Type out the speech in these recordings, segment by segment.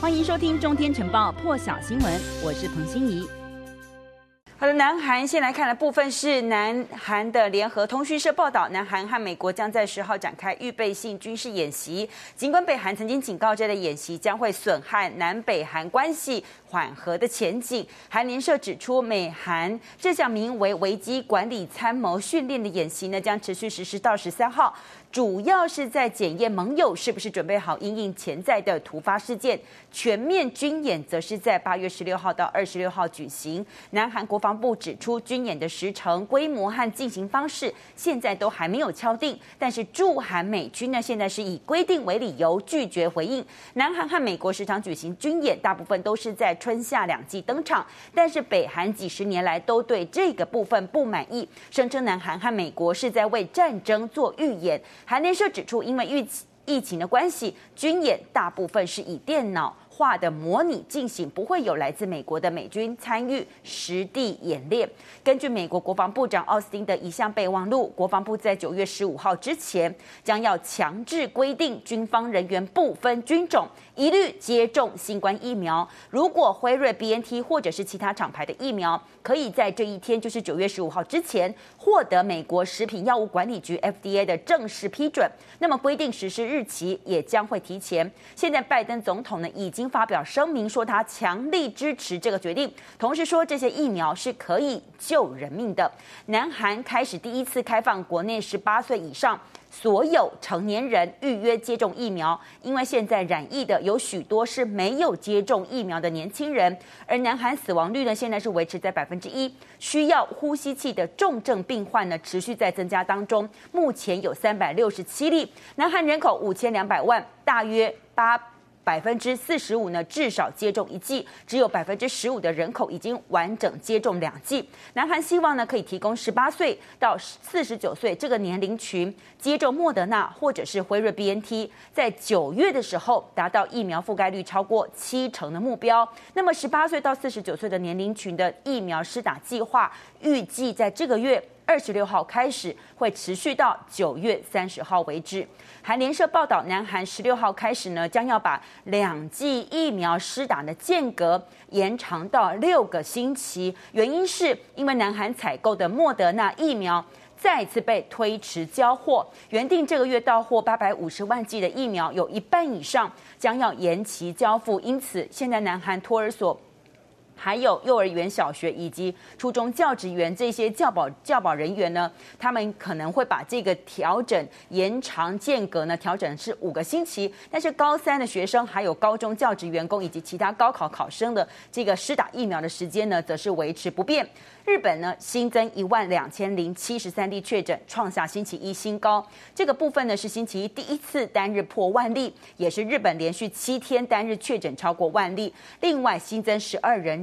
歡迎收聽中天晨報破曉新聞，我是彭欣怡。好的，南韓先來看的部分是南韓的聯合通訊社報道，南韓和美國將在十號展開預備性軍事演習。儘管北韓曾經警告這類演習將會損害南北韓關係。緩和的前景。韓聯社指出，美韓這項名為“危機管理參謀訓練”的演習呢，將持續實施到十三號，主要是在檢驗盟友是不是準備好因應潛在的突發事件。全面軍演則是在八月十六號到二十六號舉行。南韓國防部指出，軍演的時程、規模和進行方式現在都還沒有敲定，但是駐韓美軍呢，現在是以規定為理由拒絕回應。南韓和美國時常舉行軍演，大部分都是在。春夏兩季登場，但是北韓幾十年來都對這個部分不滿意，聲稱南韓和美國是在為戰爭做預演。韓聯社指出，因為疫疫情的關係，軍演大部分是以電腦。化的模擬進行，不會有來自美國的美軍參與實地演練。根據美國國防部長奧斯汀的一項備忘錄，國防部在九月十五號之前將要強制規定，軍方人員不分軍種，一律接種新冠疫苗。如果輝瑞、B N T 或者是其他廠牌的疫苗，可以在這一天，就是九月十五號之前，獲得美國食品藥物管理局 F D A 的正式批准，那麼規定實施日期也將會提前。現在，拜登總統呢，已經。發表聲明說，他強力支持這個決定，同時說這些疫苗是可以救人命的。南韓開始第一次開放國內十八歲以上所有成年人預約接種疫苗，因為現在染疫的有許多是沒有接種疫苗的年輕人。而南韓死亡率呢，現在是維持在百分之一，需要呼吸器的重症病患呢持續在增加當中，目前有三百六十七例。南韓人口五千兩百萬，大約八。百分之四十五呢，至少接種一劑，只有百分之十五的人口已經完整接種兩劑。南韓希望呢，可以提供十八歲到四十九歲這個年齡群接種莫德納或者是輝瑞 BNT，在九月的時候達到疫苗覆蓋率超過七成的目標。那麼，十八歲到四十九歲的年齡群的疫苗施打計劃，預計在這個月。二十六號開始，會持續到九月三十號為止。韓聯社報道，南韓十六號開始呢，將要把兩劑疫苗施打的間隔延長到六個星期，原因是因為南韓採購的莫德納疫苗再次被推遲交貨，原定這個月到貨八百五十萬劑的疫苗，有一半以上將要延期交付，因此現在南韓托兒所，還有幼兒園、小學以及初中教職員這些教保教保人員呢，他們可能會把這個調整延長間隔呢，調整是五個星期。但是高三的學生、還有高中教職員工以及其他高考考生的這個施打疫苗的時間呢，則是維持不變。日本呢新增一萬兩千零七十三例確診，創下星期一新高。這個部分呢是星期一第一次單日破萬例，也是日本連續七天單日確診超過萬例。另外新增十二人。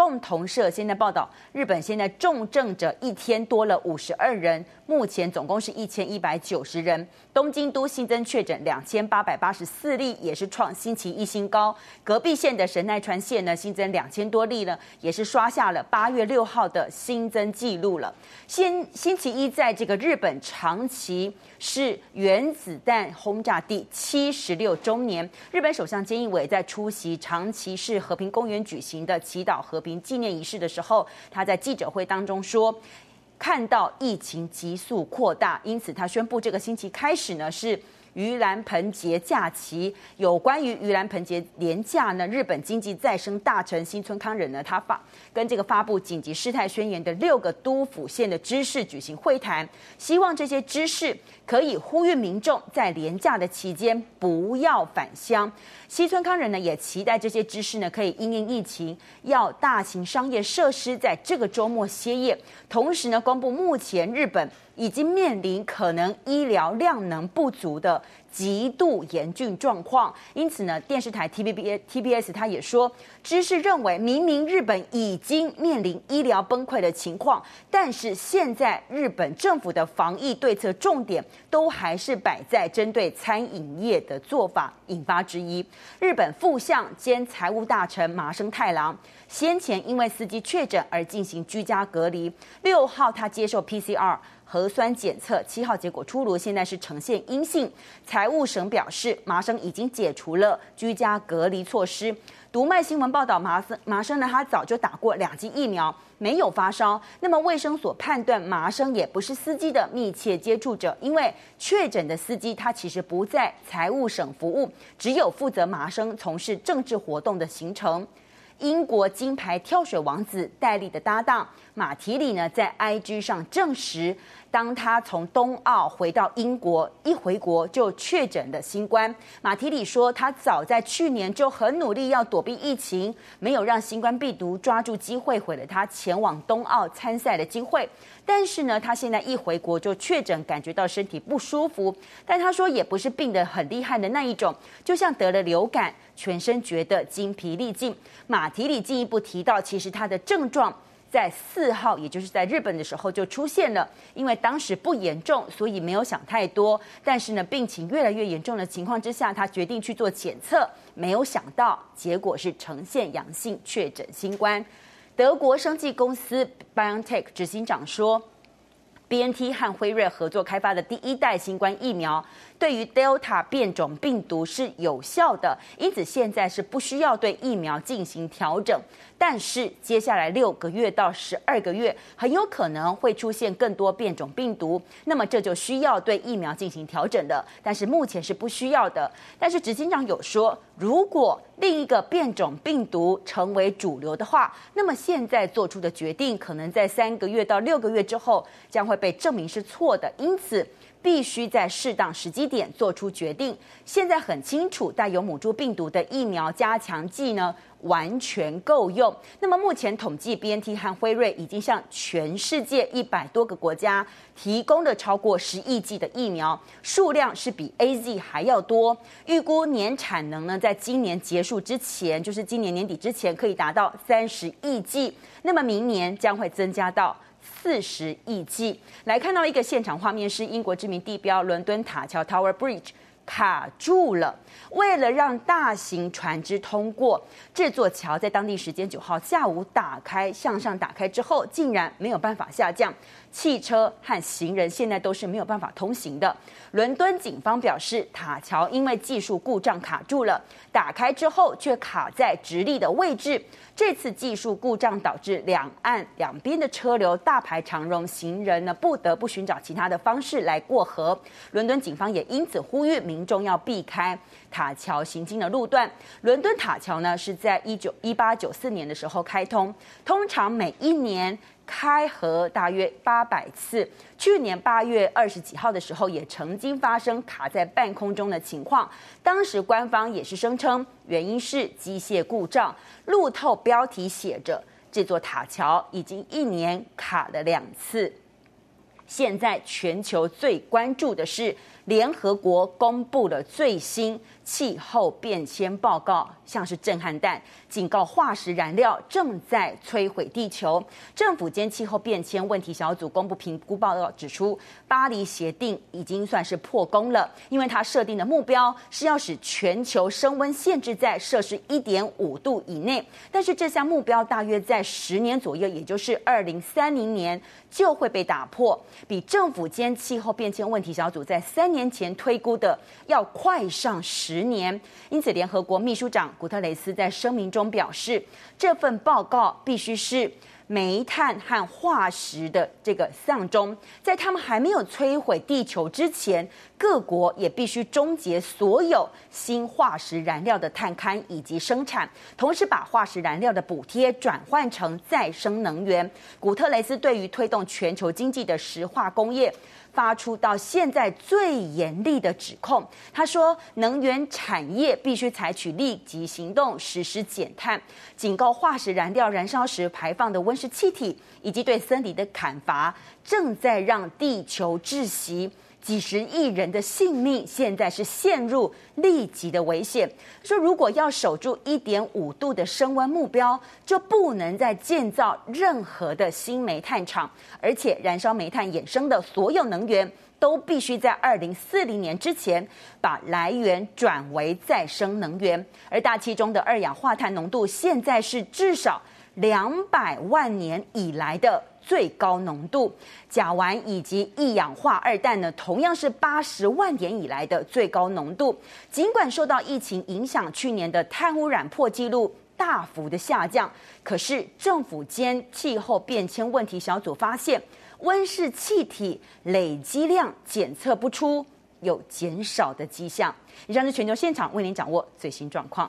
共同社現在報道，日本現在重症者一天多了五十二人，目前總共是一千一百九十人。東京都新增確診兩千八百八十四例，也是創星期一新高。隔壁縣的神奈川縣呢，新增兩千多例了，也是刷下了八月六號的新增記錄了。星星期一，在這個日本長崎是原子彈轟炸第七十六周年，日本首相菅義偉在出席長崎市和平公園舉行的祈禱和平。紀念儀式的時候，他在記者會當中說，看到疫情急速擴大，因此他宣布這個星期開始呢是。盂蘭盆節假期，有關於盂蘭盆節連假呢，日本經濟再生大臣西村康稔呢，他發跟這個發布緊急事態宣言的六個都府縣的知事舉行會談，希望這些知事可以呼籲民眾在連假的期間不要返鄉。西村康稔呢，也期待這些知事呢可以因應疫情，要大型商業設施在這個周末歇業。同時呢，公布目前日本。已經面臨可能醫療量能不足的。極度嚴峻狀況，因此呢，電視台 T B B T B S 他也說，質疑認為，明明日本已經面臨醫療崩潰的情況，但是現在日本政府的防疫對策重點都還是擺在針對餐飲業的做法引發質疑。日本副相兼財務大臣麻生太郎先前因為司機確診而進行居家隔離，六號他接受 P C R 核酸檢測，七號結果出爐，現在是呈現陰性。才。財務省表示，麻生已經解除了居家隔離措施。讀賣新聞報道，麻生麻生呢，他早就打過兩劑疫苗，沒有發燒。那麼衛生所判斷，麻生也不是司機的密切接觸者，因為確診的司機他其實不在財務省服務，只有負責麻生從事政治活動的行程。英國金牌跳水王子戴利的搭檔馬提李呢，在 IG 上證實，當他從東奧回到英國，一回國就確診了新冠。馬提李說，他早在去年就很努力要躲避疫情，沒有讓新冠病毒抓住機會毀了他前往東奧參賽的機會。但是呢，他現在一回國就確診，感覺到身體不舒服。但他說，也不是病得很厲害的那一種，就像得了流感。全身覺得筋疲力盡。馬提李進一步提到，其實他的症狀在四號，也就是在日本的時候就出現了，因為當時不嚴重，所以沒有想太多。但是呢，病情越來越嚴重的情況之下，他決定去做檢測，沒有想到結果是呈現陽性，確診新冠。德國生技公司 BioNTech 執行長說。BNT 和輝瑞合作開發的第一代新冠疫苗對於 Delta 變種病毒是有效的，因此現在是不需要對疫苗進行調整，但是接下來六個月到十二個月，很有可能會出現更多變種病毒，那麼這就需要對疫苗進行調整的。但是目前是不需要的。但是執行長有說，如果另一個變種病毒成為主流的話，那麼現在做出的決定可能在三個月到六個月之後將會。被證明是錯的，因此必須在適當時機點做出決定。現在很清楚，帶有母株病毒的疫苗加強劑呢，完全夠用。那麼目前統計，B N T 和輝瑞已經向全世界一百多個國家提供了超過十億劑的疫苗，數量是比 A Z 還要多。預估年產能呢，在今年結束之前，就是今年年底之前，可以達到三十億劑。那麼明年將會增加到。四十億劑。來看到一個現場畫面，是英國知名地標倫敦塔橋 Tower Bridge 卡住了。為了讓大型船只通過，這座橋在當地時間九號下午打開，向上打開之後，竟然沒有辦法下降。汽車和行人現在都是沒有辦法通行的。倫敦警方表示，塔橋因為技術故障卡住了，打開之後卻卡在直立的位置。這次技術故障導致兩岸兩邊的車流大排長龍，行人呢，不得不尋找其他的方式來過河。倫敦警方也因此呼籲民眾要避開塔橋行進的路段。倫敦塔橋呢，是在一九一八九四年的時候開通，通常每一年。開合大約八百次。去年八月二十幾號的時候，也曾經發生卡在半空中的情況。當時官方也是聲稱原因是機械故障。路透標題寫着：“這座塔橋已經一年卡了兩次。”現在全球最關注的是聯合國公布了最新。氣候變遷報告像是震撼彈，警告化石燃料正在摧毀地球。政府間氣候變遷問題小組公布評估報告，指出巴黎協定已經算是破功了，因為它設定的目標是要使全球升溫限制在攝氏一點五度以內，但是這項目標大約在十年左右，也就是二零三零年就會被打破，比政府間氣候變遷問題小組在三年前推估的要快上十。十年。因此，聯合國秘書長古特雷斯在聲明中表示，這份報告必須是煤炭和化石的這個喪鐘，在他們還沒有摧毀地球之前，各國也必須終結所有新化石燃料的探勘以及生產，同時把化石燃料的補貼轉換成再生能源。古特雷斯對於推動全球經濟的石化工業，發出到現在最嚴厲的指控。他說，能源產業必須採取立即行動，實施減碳，警告化石燃料燃燒時排放的溫。是氣體以及對森林的砍伐，正在讓地球窒息。幾十億人的性命現在是陷入立即的危險。說如果要守住一點五度的升溫目標，就不能再建造任何的新煤炭廠，而且燃燒煤炭衍生的所有能源都必須在二零四零年之前把來源轉為再生能源。而大氣中的二氧化碳濃度現在是至少。兩百萬年以來的最高濃度，甲烷以及一氧化二氮呢，同樣是八十萬年以來的最高濃度。儘管受到疫情影響，去年的碳污染破紀錄大幅的下降，可是政府間氣候變遷問題小組發現，溫室氣體累積量檢測不出有減少的跡象。以上是全球現場為您掌握最新狀況。